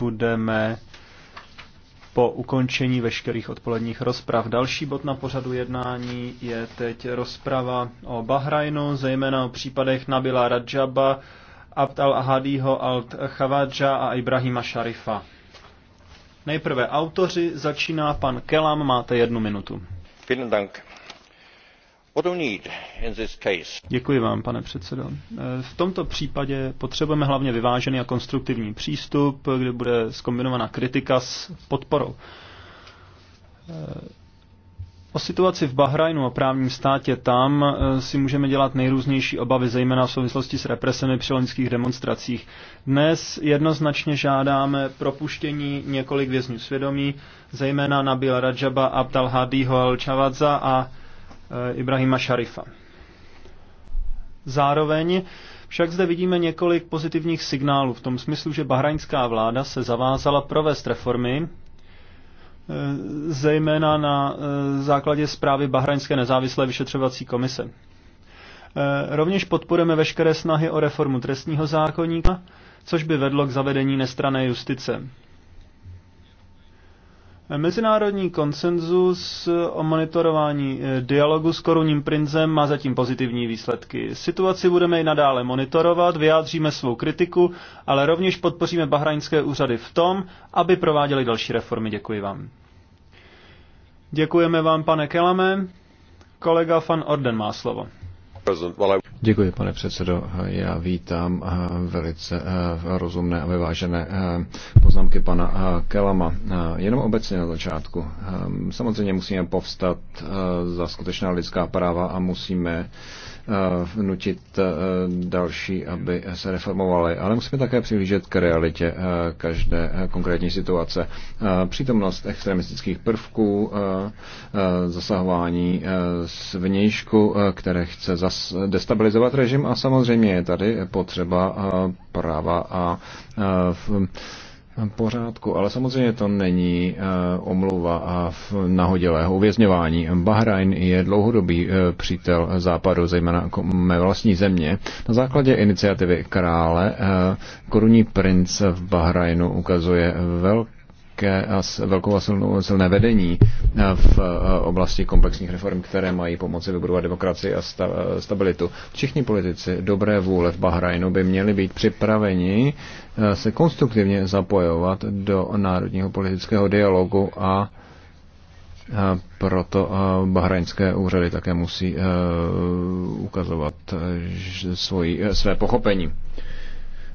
budeme po ukončení veškerých odpoledních rozprav. Další bod na pořadu jednání je teď rozprava o Bahrajnu, zejména o případech Nabila Rajaba, Abd al-Ahadího, Alt Khawadja a Ibrahima Sharifa. Nejprve autoři, začíná pan Kelam, máte jednu minutu. Vielen Dank. Děkuji vám, pane předsedo. Eh, v tomto případě potřebujeme hlavně vyvážený a konstruktivní přístup, kde bude zkombinovaná kritika s podporou. Eh, o situaci v Bahrajnu, a právním státě tam eh, si můžeme dělat nejrůznější obavy, zejména v souvislosti s represemi při loňských demonstracích. Dnes jednoznačně žádáme propuštění několik vězňů svědomí, zejména Nabil Rajaba, Abdal Hadiho al a Eh, Ibrahima Šarifa. Zároveň však zde vidíme několik pozitivních signálů v tom smyslu, že bahrajnská vláda se zavázala provést reformy, eh, zejména na eh, základě zprávy Bahrajnské nezávislé vyšetřovací komise. Rovněž podporujeme veškeré snahy o reformu trestního zákonníka, což by vedlo k zavedení nestrané justice. Mezinárodní konsenzus o monitorování eh, dialogu s korunním princem má zatím pozitivní výsledky. Situaci budeme i nadále monitorovat, vyjádříme svou kritiku, ale rovněž podpoříme bahrajnské úřady v tom, aby prováděli další reformy. Děkuji vám. Děkujeme vám, pane Kelame. Kolega van Orden má slovo. Děkuji, pane předsedo. Já vítám eh, velice eh, rozumné a vyvážené eh, poznámky pana Kelama. Jenom obecně na začátku. Samozřejmě musíme povstat za skutečná lidská práva a musíme vnutit eh, eh, další, aby se reformovali. Ale musíme také přihlížet k realitě eh, každé konkrétní situace. Přítomnost extremistických prvků, zasahování z vnějšku, které chce destabilizovat režim a samozřejmě je tady potřeba práva a pořádku, ale samozřejmě to není uh, omluva a nahodilého uvězňování. Bahrajn je dlouhodobý uh, přítel západu, zejména jako mé vlastní země. Na základě iniciativy krále uh, korunní princ v Bahrajnu ukazuje velký velké, velkou a silné vedení v oblasti komplexních reform, které mají pomoci vybudovat demokracii a sta, stabilitu. Všichni politici dobré vůle v Bahrajnu by měli být připraveni se konstruktivně zapojovat do národního politického dialogu a proto bahrajnské úřady také musí ukazovat svoji, své pochopení.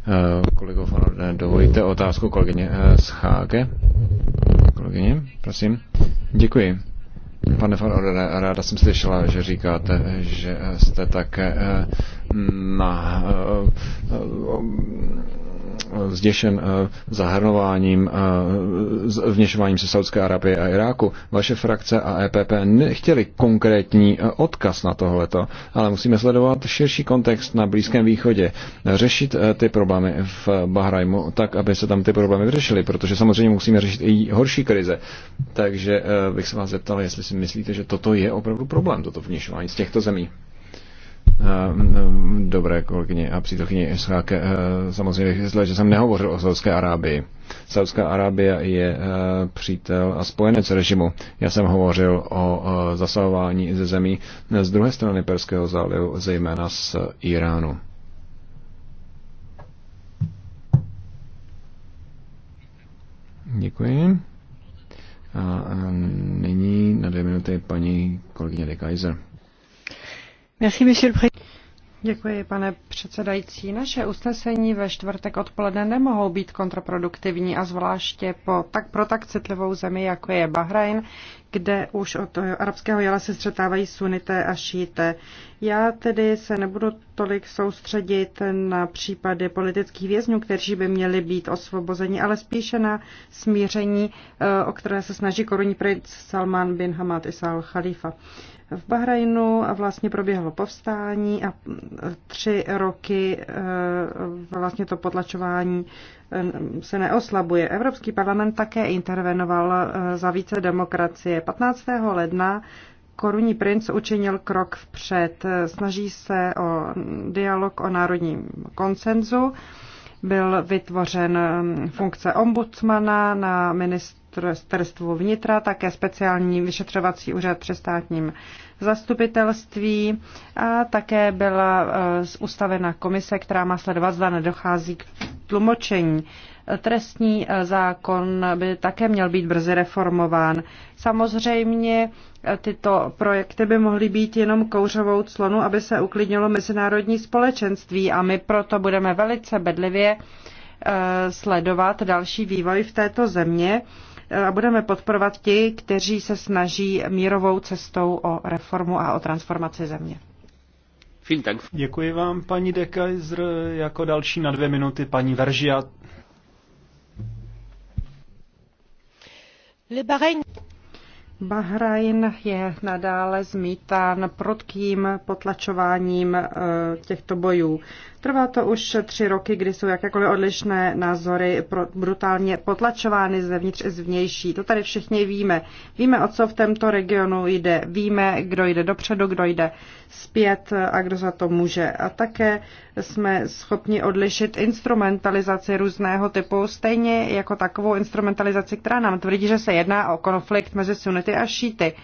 Eh, kolego Farode, eh, dovolíte otázku kolegyně Scháke? Eh, kolegyně, prosím. Děkuji. Pane Farode, ráda jsem slyšela, že říkáte, že jste také na zděšen eh, zahrnováním, eh, vněšováním se Saudské Arabie a Iráku. Vaše frakce a EPP nechtěli konkrétní eh, odkaz na tohleto, ale musíme sledovat širší kontext na Blízkém východě. Řešit ty problémy v Bahrajmu tak, aby se tam ty problémy vyřešily, protože samozřejmě musíme řešit i horší krize. Takže bych se vás zeptal, jestli si myslíte, že toto je opravdu problém, toto vněšování z těchto zemí. Eh, dobré kolegyně a přítelkyně Isháke. Eh, samozřejmě bych že jsem nehovořil o Saudské Arábii. Saudská Arábie je eh, přítel a spojenec režimu. Já jsem hovořil o zasahování ze zemí z druhé strany Perského zálivu, zejména z Iránu. Děkuji. A nyní na dvě minuty paní kolegyně de Kaiser. Děkuji, pane předsedající. Naše usnesení ve čtvrtek odpoledne nemohou být kontraproduktivní a zvláště po tak, pro tak citlivou zemi, jako je Bahrajn, kde už od arabského jela se střetávají sunnité a šíte. Já tedy se nebudu tolik soustředit na případy politických vězňů, kteří by měli být osvobozeni, ale spíše na smíření, eh, o které se snaží korunní princ Salman bin Hamad Isal Khalifa. V Bahrajnu vlastně proběhlo povstání a eh, tři roky eh, vlastně to potlačování se neoslabuje. Evropský parlament také intervenoval za více demokracie. 15. ledna Korunní princ učinil krok vpřed. Snaží se o dialog o národním koncenzu. Byl vytvořen mm, funkce ombudsmana na ministerstvu vnitra, také speciální vyšetřovací úřad při státním zastupitelství a také byla eh, ustavena komise, která má sledovat, zda nedochází k tlumočení. Trestní eh, zákon by také měl být brzy reformován. Samozřejmě eh, tyto projekty by mohly být jenom kouřovou clonu, aby se uklidnilo mezinárodní společenství a my proto budeme velice bedlivě eh, sledovat další vývoj v této země a budeme podporovat ti, kteří se snaží mírovou cestou o reformu a o transformaci země. Děkuji vám, paní De Kaiser. Jako další na dvě minuty paní Veržia. Bahrajn je nadále zmítán prudkým potlačováním e, těchto bojů. Trvá to už tři roky, kdy jsou jakékoliv odlišné názory brutálně potlačovány zevnitř i zvnější. To tady všichni víme. Víme, o co v tomto regionu jde. Víme, kdo jde dopředu, kdo jde zpět a kdo za to může. A také jsme schopni odlišit instrumentalizaci různého typu, stejně jako takovou instrumentalizaci, která nám tvrdí, že se jedná o konflikt mezi sunnitou sunity a šíty.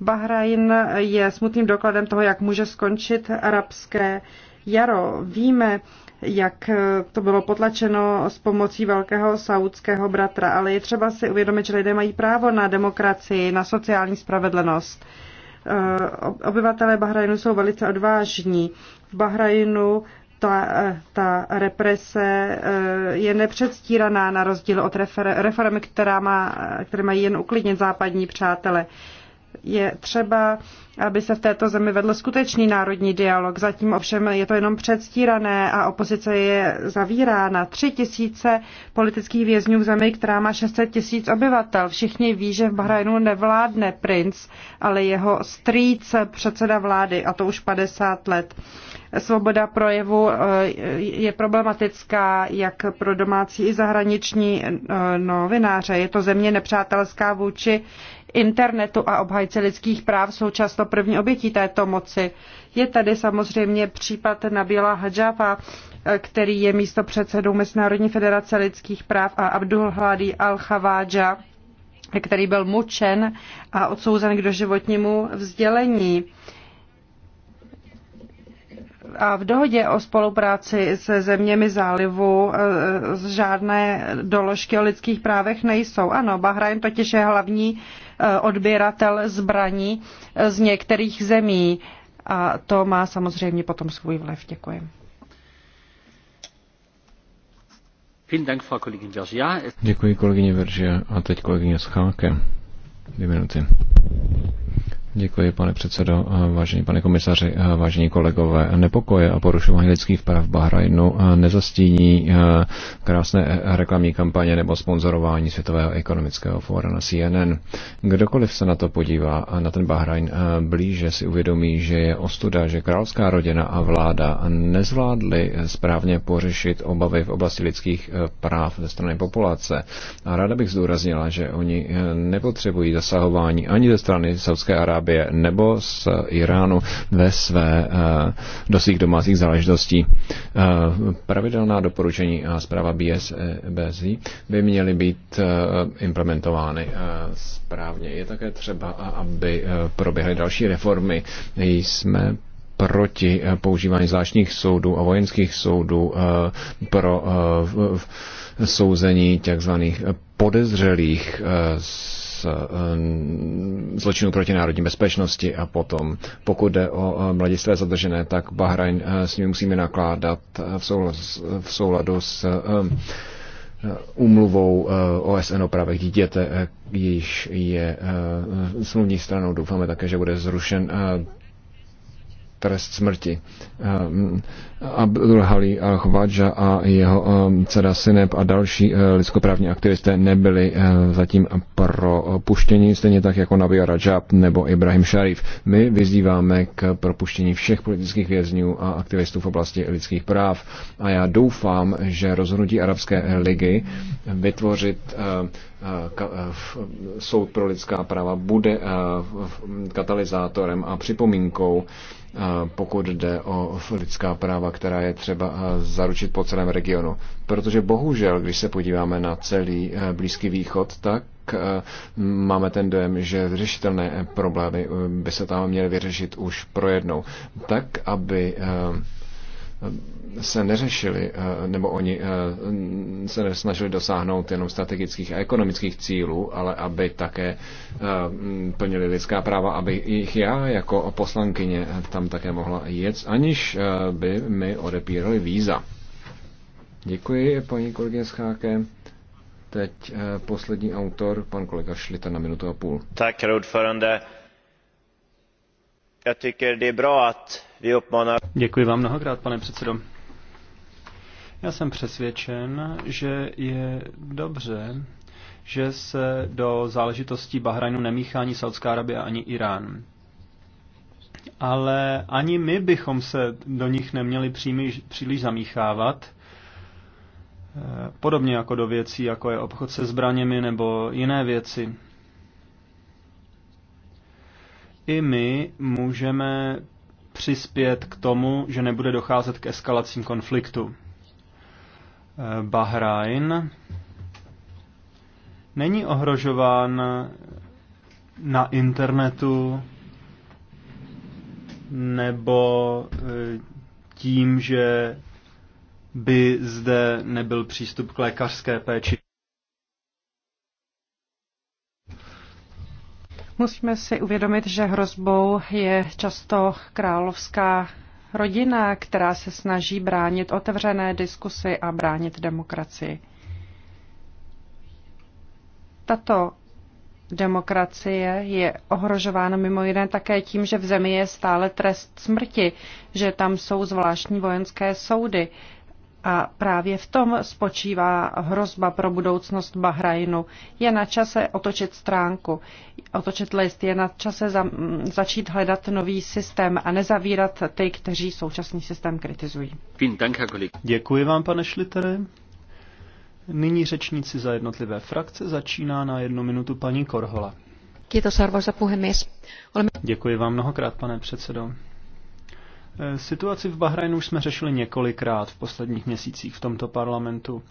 Bahrajn je smutným dokladem toho, jak může skončit arabské jaro. Víme, jak to bylo potlačeno s pomocí velkého saudského bratra, ale je třeba si uvědomit, že lidé mají právo na demokracii, na sociální spravedlnost. Eh, obyvatelé Bahrajnu jsou velice odvážní. V Bahrajnu ta, ta represe eh, je nepředstíraná na rozdíl od reformy, která má, které mají jen uklidnit západní přátele je třeba, aby se v této zemi vedl skutečný národní dialog. Zatím ovšem je to jenom předstírané a opozice je zavírána. Tři tisíce politických vězňů v zemi, která má 600 tisíc obyvatel. Všichni ví, že v Bahrajnu nevládne princ, ale jeho strýc předseda vlády, a to už 50 let. Svoboda projevu eh, je problematická jak pro domácí i zahraniční eh, novináře. Je to země nepřátelská vůči internetu a obhajci lidských práv jsou často první obětí této moci. Je tady samozřejmě případ Nabila Hadžafa, který je místo předsedou Mezinárodní federace lidských práv a Abdul Hladi Al-Khawaja, který byl mučen a odsouzen k doživotnímu vzdělení. A v dohodě o spolupráci se zeměmi zálivu eh, žádné doložky o lidských právech nejsou. Ano, Bahrajn totiž je hlavní eh, odběratel zbraní eh, z některých zemí a to má samozřejmě potom svůj vliv. Děkuji. Děkuji kolegyně Veržia a teď kolegyně Schalke. Dvě minuty. Děkuji, pane předsedo, eh, vážení pane komisaři, eh, vážení kolegové. Nepokoje a porušování lidských práv v Bahrajnu eh, nezastíní krásné reklamní kampaně nebo sponzorování Světového ekonomického fóra na CNN. Kdokoliv se na to podívá, na ten Bahrajn blíže si uvědomí, že je ostuda, že královská rodina a vláda nezvládly správně pořešit obavy v oblasti lidských práv ze strany populace. A ráda bych zdůraznila, že oni nepotřebují zasahování ani ze strany Saudské Arábie, Arábie nebo z Iránu ve své, eh, do svých domácích záležitostí. Eh, pravidelná doporučení a zpráva BSBZ e by měly být eh, implementovány správně. Je také třeba, aby proběhly další reformy. Jsme proti používání zvláštních soudů a vojenských soudů pro souzení takzvaných podezřelých z Eh, zločinů proti národní bezpečnosti a potom, pokud jde o eh, mladistvé zadržené, tak Bahrajn eh, s nimi musíme nakládat v souladu s úmluvou OSN o právech dítěte, již je smluvní stranou. Doufáme také, že bude zrušen trest smrti. Eh, Abdulhali al a jeho eh, dcera Sineb a další eh, lidskoprávní aktivisté nebyli zatím propuštěni, stejně tak jako Nabia Rajab nebo Ibrahim Sharif. My vyzýváme k propuštění všech politických vězňů a aktivistů v oblasti lidských práv. A já doufám, že rozhodnutí Arabské ligy vytvořit soud pro lidská práva bude katalyzátorem a připomínkou Eh, pokud jde o lidská práva, která je třeba eh, zaručit po celém regionu. Protože bohužel, když se podíváme na celý eh, Blízký východ, tak máme ten dojem, že řešitelné problémy by se tam měly vyřešit už projednou. Tak, aby se neřešili, eh, nebo oni eh, se nesnažili dosáhnout jenom strategických a ekonomických cílů, ale aby také eh, plnili lidská práva, aby jich já jako poslankyně tam také mohla jet, aniž by mi odepírali víza. Děkuji, paní kolegyně Scháke. Teď poslední autor, pan kolega Šlita na minutu a půl. Tak, herr Já tyker, je bra Děkuji vám mnohokrát, pane předsedo. Já jsem přesvědčen, že je dobře, že se do záležitostí Bahrajnu nemíchá ani Saudská Arabie, ani Irán. Ale ani my bychom se do nich neměli příliš, příliš zamíchávat, eh, podobně jako do věcí, jako je obchod se zbraněmi nebo jiné věci. I my můžeme přispět k tomu, že nebude docházet k eskalacím konfliktu. Eh, Bahrajn není ohrožován na internetu nebo eh, tím, že by zde nebyl přístup k lékařské péči. Musíme si uvědomit, že hrozbou je často královská rodina, která se snaží bránit otevřené diskusy a bránit demokracii. Tato demokracie je ohrožována mimo jiné také tím, že v zemi je stále trest smrti, že tam jsou zvláštní vojenské soudy. A právě v tom spočívá hrozba pro budoucnost Bahrajnu. Je na čase otočit stránku, otočit list, je na čase za, začít hledat nový systém a nezavírat ty, kteří současný systém kritizují. Děkuji vám, pane Šlitere. Nyní řečníci za jednotlivé frakce začíná na jednu minutu paní Korhola. Děkuji vám mnohokrát, pane předsedo. Eh, situaci v Bahrajnu jsme řešili několikrát v posledních měsících v tomto parlamentu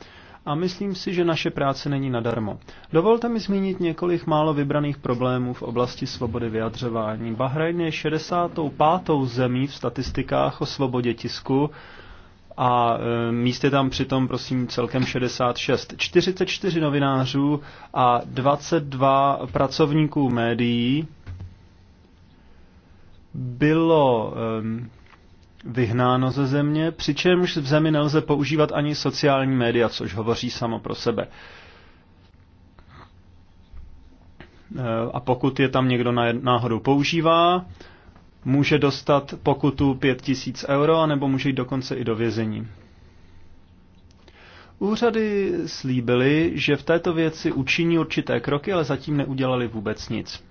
a myslím si, že naše práce není nadarmo. Dovolte mi zmínit několik málo vybraných problémů v oblasti svobody vyjadřování. Bahrajn je 65. zemí v statistikách o svobodě tisku a eh, míst je tam přitom, prosím, celkem 66. 44 novinářů a 22 pracovníků médií bylo um, vyhnáno ze země, přičemž v zemi nelze používat ani sociální média, což hovoří samo pro sebe. E, a pokud je tam někdo náhodou používá, může dostat pokutu 5000 euro, anebo může jít dokonce i do vězení. Úřady slíbily, že v této věci učiní určité kroky, ale zatím neudělali vůbec nic.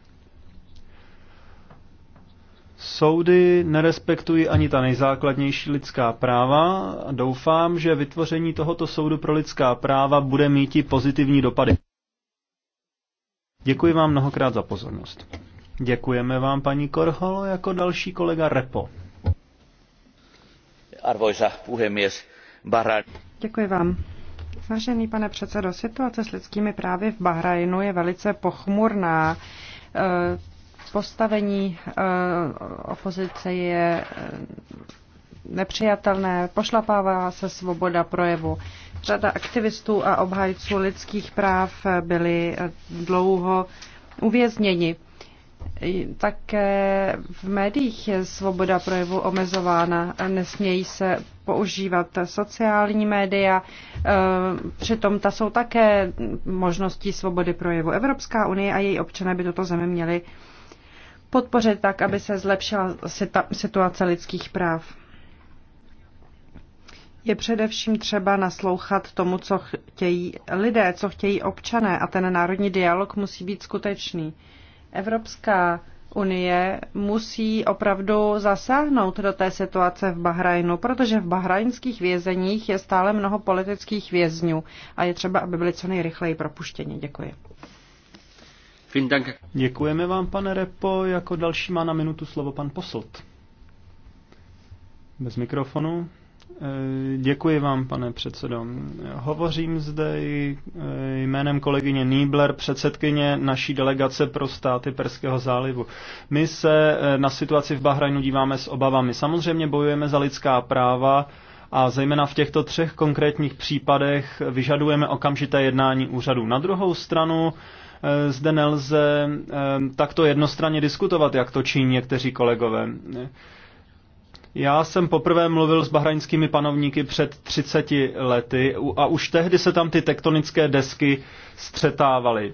Soudy nerespektují ani ta nejzákladnější lidská práva a doufám, že vytvoření tohoto soudu pro lidská práva bude mít i pozitivní dopady. Děkuji vám mnohokrát za pozornost. Děkujeme vám, paní Korholo, jako další kolega Repo. Arvoisa puhemies, Bahrain. Děkuji vám. Vážený pane předsedo, situace s lidskými právy v Bahrajnu je velice pochmurná postavení eh, opozice je eh, nepřijatelné, pošlapává se svoboda projevu. Řada aktivistů a obhajců lidských práv eh, byli dlouho uvězněni. Také v médiích je svoboda projevu omezována. Nesmějí se používat sociální média, přitom ta jsou také možností svobody projevu. Evropská unie a její občané by toto zemi měli podpořit tak, aby se zlepšila situace lidských práv. Je především třeba naslouchat tomu, co chtějí lidé, co chtějí občané a ten národní dialog musí být skutečný. Evropská unie musí opravdu zasáhnout do té situace v Bahrajnu, protože v bahrajnských vězeních je stále mnoho politických vězňů a je třeba, aby byly co nejrychleji propuštěni. Děkuji. Děkujeme vám, pane Repo. Jako další má na minutu slovo pan Posot. Bez mikrofonu. E, děkuji vám, pane předsedo. Hovořím zde e, jménem kolegyně Niebler, předsedkyně naší delegace pro státy Perského zálivu. My se e, na situaci v Bahrajnu díváme s obavami. Samozřejmě bojujeme za lidská práva a zejména v těchto třech konkrétních případech vyžadujeme okamžité jednání úřadu. Na druhou stranu Eh, zde nelze eh, takto jednostranně diskutovat, jak to činí někteří kolegové. Já jsem poprvé mluvil s bahrajnskými panovníky před 30 lety a už tehdy se tam ty tektonické desky střetávaly.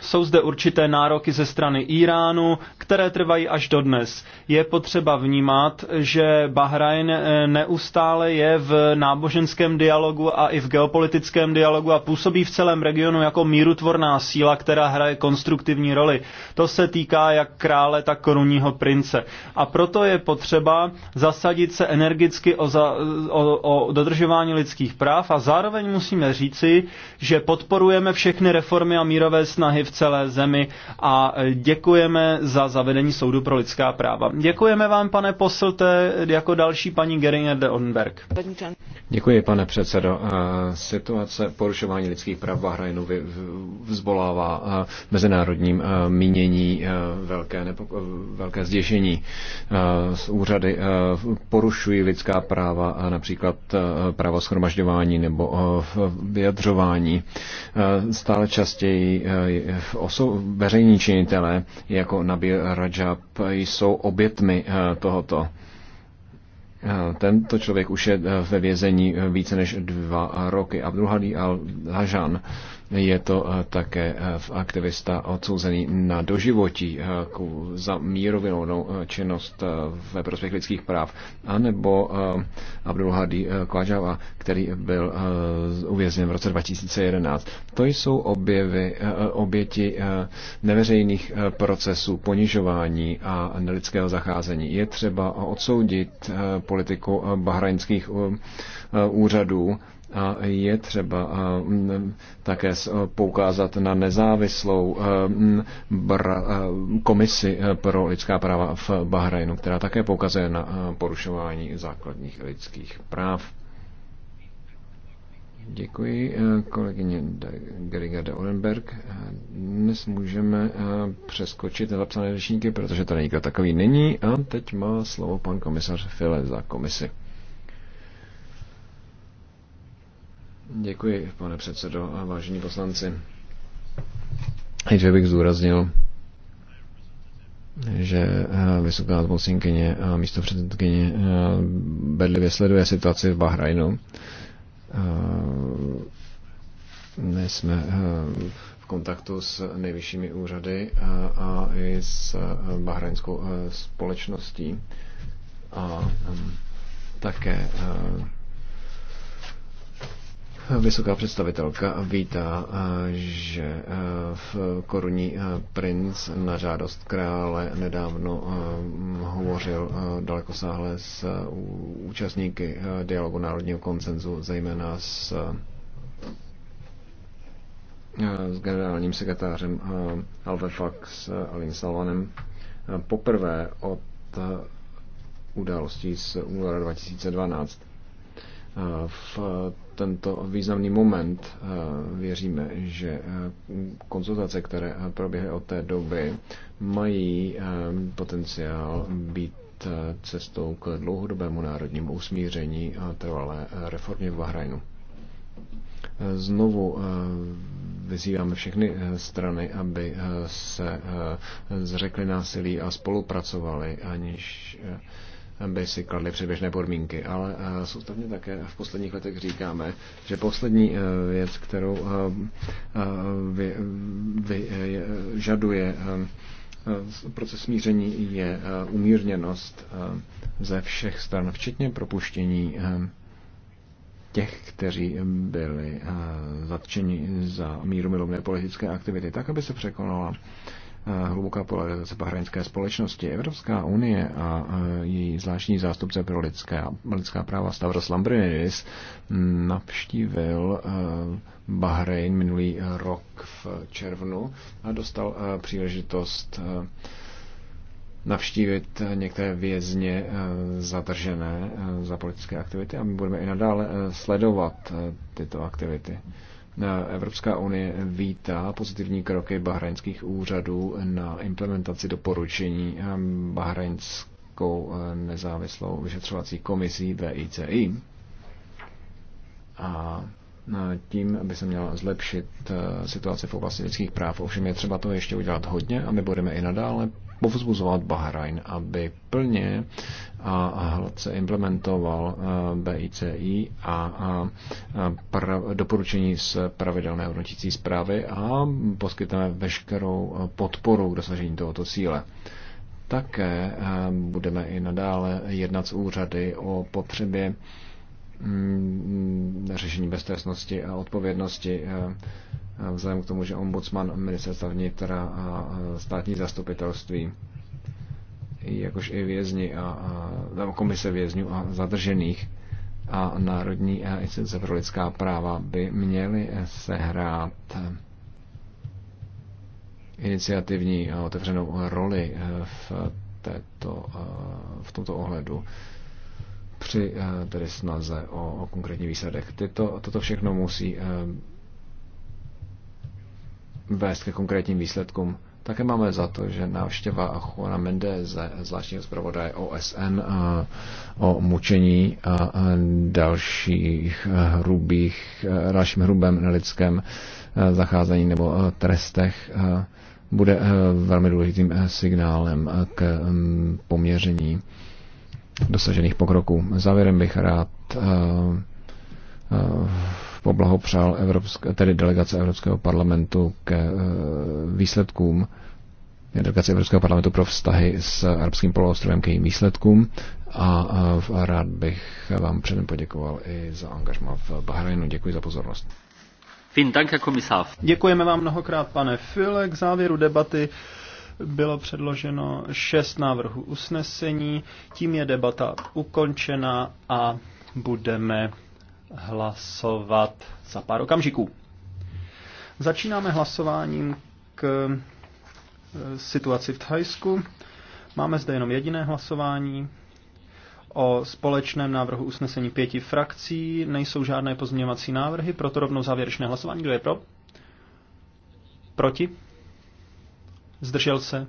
Jsou zde určité nároky ze strany Iránu, které trvají až dodnes. Je potřeba vnímat, že Bahrajn eh, neustále je v náboženském dialogu a i v geopolitickém dialogu a působí v celém regionu jako mírutvorná síla, která hraje konstruktivní roli. To se týká jak krále, tak korunního prince. A proto je potřeba zasadit se energicky o, za, o, o dodržování lidských práv a zároveň musíme říci, že podporujeme všechny reformy a mírové snahy v celé zemi a eh, děkujeme za zavedení soudu pro lidská práva. Děkujeme vám, pane poslte, jako další paní Geringer de Odenberg. Děkuji, pane předsedo. Eh, situace porušování lidských práv v Bahrajnu vzbolává eh, mezinárodním eh, mínění velké, nepoko- velké zděšení. Úřady porušují lidská práva, například právo schromažďování nebo vyjadřování. Stále častěji veřejní činitelé jako Nabil Rajab jsou obětmi eh, tohoto. Eh, tento člověk už je eh, ve vězení více než dva roky. Abdulhadi al-Hajan je to eh, také eh, aktivista odsouzený na doživotí eh, za mírovinou no, činnost ve prospěch lidských práv. A nebo Abdul Hadi který byl uvězněn v roce 2011. To jsou objevy, oběti neveřejných procesů, ponižování a nelidského zacházení. Je třeba odsoudit politiku bahrajnských úřadů, a je třeba také poukázat na nezávislou komisi pro lidská práva v Bahrajnu, která také poukazuje na porušování základních lidských práv. Děkuji kolegyně Geriga de Orenberg. Dnes můžeme přeskočit na zapsané řečníky, protože tady nikdo takový není. A teď má slovo pan komisař File za komisi. Děkuji, pane předsedo a vážení poslanci. Takže bych zúraznil, že eh, vysoká zmocněnkyně a místo předsedkyně eh, bedlivě sleduje situaci v Bahrajnu. Eh, my jsme v kontaktu s nejvyššími úřady a i s bahrajnskou společností a také Vysoká představitelka vítá, eh, že eh, v korunní eh, princ na žádost krále nedávno hovořil dalekosáhle s účastníky dialogu národního koncenzu, zejména s, s generálním sekretářem Alvefax Alin Salvanem. Poprvé od událostí z února 2012 v tento významný moment. Eh, věříme, že eh, konzultace, které eh, proběhly od té doby, mají potenciál být cestou k dlouhodobému národnímu usmíření a trvalé reformě v Bahrajnu. Znovu vyzýváme všechny strany, aby se zřekly násilí a spolupracovali, aniž by si kladly předběžné podmínky, ale eh, soustavně také v posledních letech říkáme, že poslední eh, věc, kterou eh, vyžaduje proces smíření, je umírněnost ze všech stran, včetně propuštění těch, kteří byli zatčeni za míru milovné politické aktivity, tak, aby se překonala Eh, hluboká polarizace bahrajnské společnosti. Evropská unie a eh, její zvláštní zástupce pro lidská, lidská práva Stavros Lambrinidis mm, navštívil eh, Bahrajn minulý rok v červnu a dostal příležitost navštívit některé vězně zadržené za politické aktivity a my budeme i nadále sledovat tyto aktivity. Eh, Evropská unie vítá pozitivní kroky bahrajnských úřadů na implementaci doporučení eh, bahrajnskou eh, nezávislou vyšetřovací komisí VICI. A tím by se měla zlepšit situace v oblasti lidských práv. Ovšem je třeba to ještě udělat hodně a my budeme i nadále povzbuzovat Bahrajn, aby plně a hladce implementoval eh, BICI a doporučení z pravidelné hodnotící zprávy a poskytneme veškerou eh, podporu k dosažení tohoto cíle. Také eh, budeme i nadále jednat s úřady o potřebě mm, řešení beztrestnosti a odpovědnosti vzhledem k tomu, že ombudsman ministerstva vnitra a státní zastupitelství, jakož i vězni a, a komise vězňů a zadržených a Národní instituce pro lidská práva by měly sehrát iniciativní a otevřenou roli eh, v, této, eh, v tomto ohledu při eh, tedy snaze o, o konkrétní výsledek. Tyto, toto všechno musí vést ke konkrétním výsledkům. Také máme za to, že návštěva Juana Mendeze, zvláštního zpravodaje OSN o mučení a dalších hrubých, dalším hrubém nelidském zacházení nebo trestech bude velmi důležitým signálem k poměření dosažených pokroků. Závěrem bych rád poblahopřál Evropské, tedy delegace Evropského parlamentu k eh, výsledkům delegace Evropského parlamentu pro vztahy s arabským poloostrovem k jejím výsledkům a eh, rád bych vám předem poděkoval i za angažma v Bahrajnu. Děkuji za pozornost. Děkujeme vám mnohokrát, pane File. K závěru debaty bylo předloženo šest návrhů usnesení. Tím je debata ukončena a budeme hlasovat za pár okamžiků. Začínáme hlasováním k e, situaci v Thajsku. Máme zde jenom jediné hlasování o společném návrhu usnesení pěti frakcí. Nejsou žádné pozměňovací návrhy, proto rovnou závěrečné hlasování. Kdo je pro? Proti? Zdržel se?